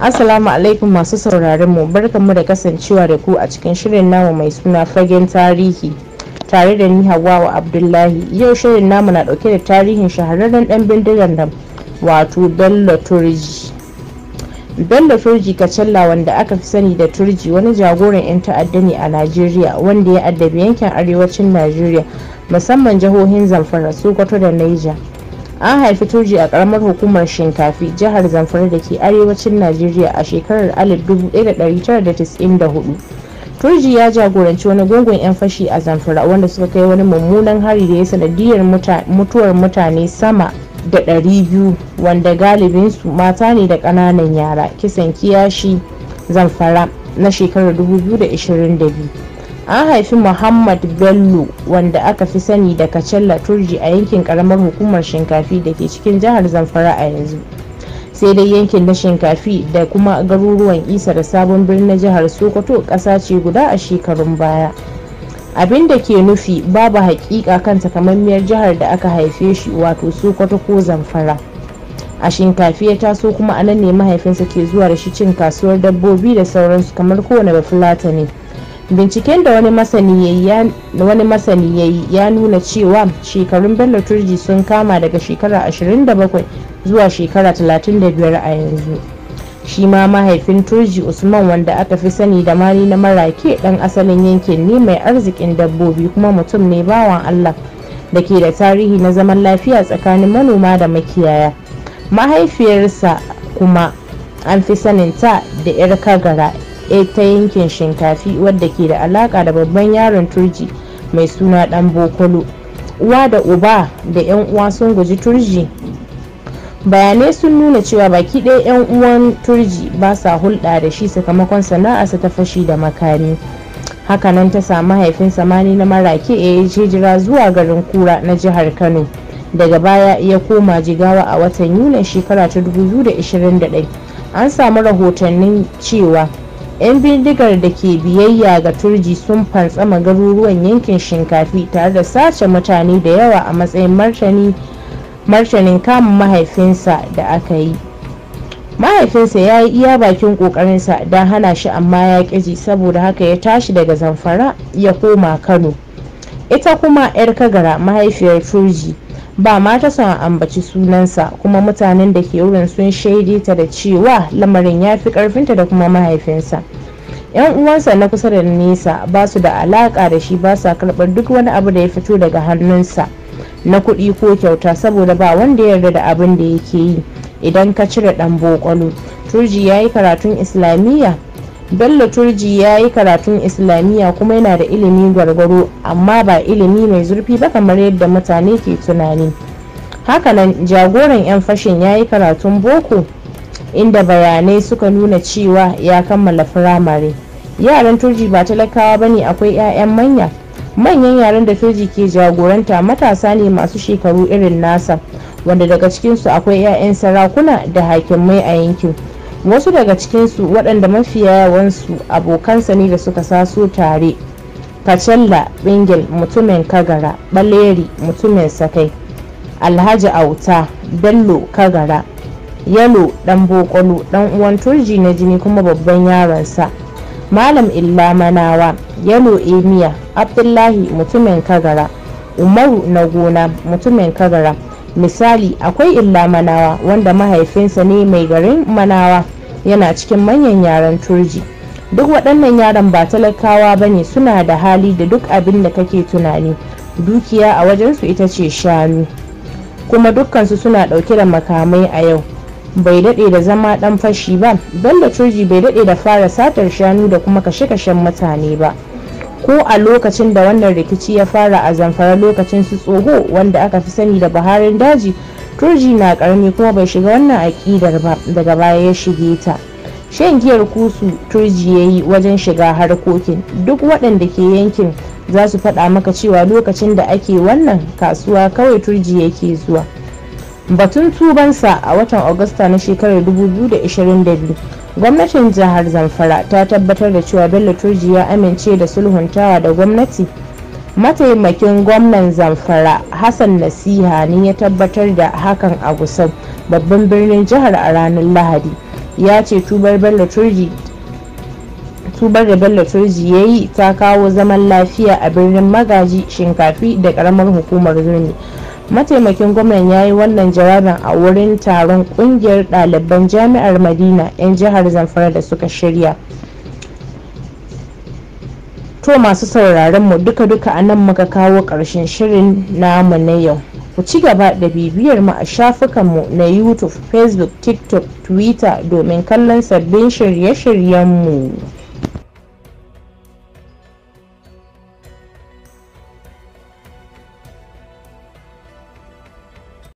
Assalamu alaikum masu sauraron mu barkanmu da kasancewa da ku a cikin shirin namu mai suna fagen tarihi tare da ni Hawwa Abdullahi yau shirin namu na dauke da tarihin shahararren dan bindigan nan wato Bello Turji Bello Turji Kacalla wanda aka fi sani da Turji wani jagoran 'yan ta'adda ne a Najeriya wanda ya addabi yankin arewacin Najeriya musamman jihohin Zamfara Sokoto da Niger an haifi turji a karamar hukumar shinkafi jihar zamfara da ke arewacin najeriya a shekarar 1994 turji ya jagoranci wani gungun 'yan fashi a zamfara wanda suka kai wani mummunan hari da ya sanadiyar mutuwar mutane sama da 200 wanda galibinsu mata ne da ƙananan yara kisan kiyashi zamfara na shekarar 2022 an haifi muhammad bello wanda aka fi sani da kacella turji a yankin karamar hukumar shinkafi da ke cikin jihar zamfara a yanzu sai dai yankin na shinkafi da kuma garuruwan isa da sabon birnin jihar sokoto ƙasa ce guda a shekarun baya abin da ke nufi babu hakika kan takamammiyar jihar da aka haife shi wato sokoto ko zamfara a shinkafi ya taso kuma anan ne mahaifinsa ke zuwa da shi cin kasuwar dabbobi da sauransu kamar kowane bafulata ne binciken da wani masani ya yi ya nuna cewa shekarun bello turji sun kama daga shekara 27 zuwa shekara 35 a yanzu shi ma mahaifin turji usman wanda aka fi sani da mari na marake dan asalin yankin ne mai arzikin dabbobi kuma mutum ne bawan allah da ke da tarihi na zaman lafiya tsakanin manoma da makiyaya mahaifiyarsa kuma an fi saninta da 'yar kagara ta yankin shinkafi wadda ke da alaka da babban yaron turji mai suna dan bokolo uwa da uba da 'yan uwa sun guji turji bayanai sun nuna cewa baki ɗaya 'yan uwan turji ba sa hulɗa da shi sakamakon sana'arsa ta fashi da makami hakanan ta samu haifin samani na marake a ya jira zuwa garin kura na jihar kano daga baya ya koma jigawa a watan yunin shekara ta 2021 an samu rahotannin cewa 'yan bindigar da ke biyayya ga turji sun fantsama garuruwan yankin shinkafi tare da sace mutane da yawa a matsayin martani martanin kamun mahaifinsa da aka yi mahaifinsa ya yi iya bakin kokarinsa don hana shi amma ya ƙiji saboda haka ya tashi daga zamfara ya koma kano ita kuma 'yar kagara mahaifiyar turji ba ma ta son ambaci sunansa kuma mutanen da ke wurin sun shaide ta da cewa lamarin ya fi karfinta da kuma mahaifinsa yan uwansa na kusa da nesa ba su da alaka da shi ba sa karɓar duk wani abu da ya fito daga hannunsa na kuɗi ko kyauta saboda ba wanda ya yarda da abin da yake yi idan ka cire ɗan bokolo turji ya yi karatun islamiyya bello turji ya yi karatun islamiyya kuma yana da ilimi gwargwaro amma ba ilimi mai zurfi ba kamar yadda mutane ke tunani hakanan jagoran 'yan fashin ya yi karatun boko inda bayanai suka nuna cewa ya kammala firamare yaran turji ba talakawa ba ne akwai 'ya'yan manya manyan yaran da turji ke jagoranta matasa ne masu shekaru irin nasa wanda daga cikinsu akwai 'ya'yan sarakuna da hakimai a yankin wasu daga cikinsu waɗanda mafiya yawansu abokansa ne da suka saso tare kacalla bingel mutumin kagara baleri mutumin sakai alhaji auta bello kagara yalo dan bokolo dan uwan turji na jini kuma babban yaronsa malam illa manawa yalo emiya abdullahi mutumin kagara umaru na gona mutumin kagara misali akwai illa manawa wanda mahaifinsa ne mai garin manawa yana cikin manyan yaren turji duk waɗannan yaran ba talakawa ba ne suna da hali da duk abin da kake tunani dukiya a wajensu ita ce shanu kuma dukkansu suna ɗauke da makamai a yau bai daɗe da zama ɗan fashi ba don da turji bai daɗe da fara satar shanu da kuma kashe-kashen mutane ba ko a lokacin da wannan rikici ya fara a zamfara lokacin su tsoho wanda aka fi sani da buharin daji turji na karni kuma bai shiga wannan aƙidar ba daga baya ya shige ta shan giyar kusu turji ya yi wajen shiga harkokin duk waɗanda ke yankin za su faɗa maka cewa lokacin da ake wannan kasuwa kawai turji yake zuwa batun tubansa a watan agusta na shekarar 2022 gwamnatin jihar zamfara ta tabbatar da cewa bello turji ya amince da sulhuntawa da gwamnati mataimakin gwamnan zamfara hassan nasiha ne ya tabbatar da hakan a gusau babban birnin jihar a ranar lahadi ya ce tubar da bello turji ya yi ta kawo zaman lafiya a birnin magaji shinkafi da karamar hukumar zurni mataimakin gwamnan ya yi wannan jawabin a wurin taron kungiyar ɗaliban jami'ar madina 'yan jihar zamfara da suka shirya kawai masu sauraron mu duka-duka a nan muka kawo ƙarshen shirin namu na yau ku ci gaba da bibiyar mu a shafukanmu na youtube facebook tiktok twitter domin kallon sabbin shirye-shiryenmu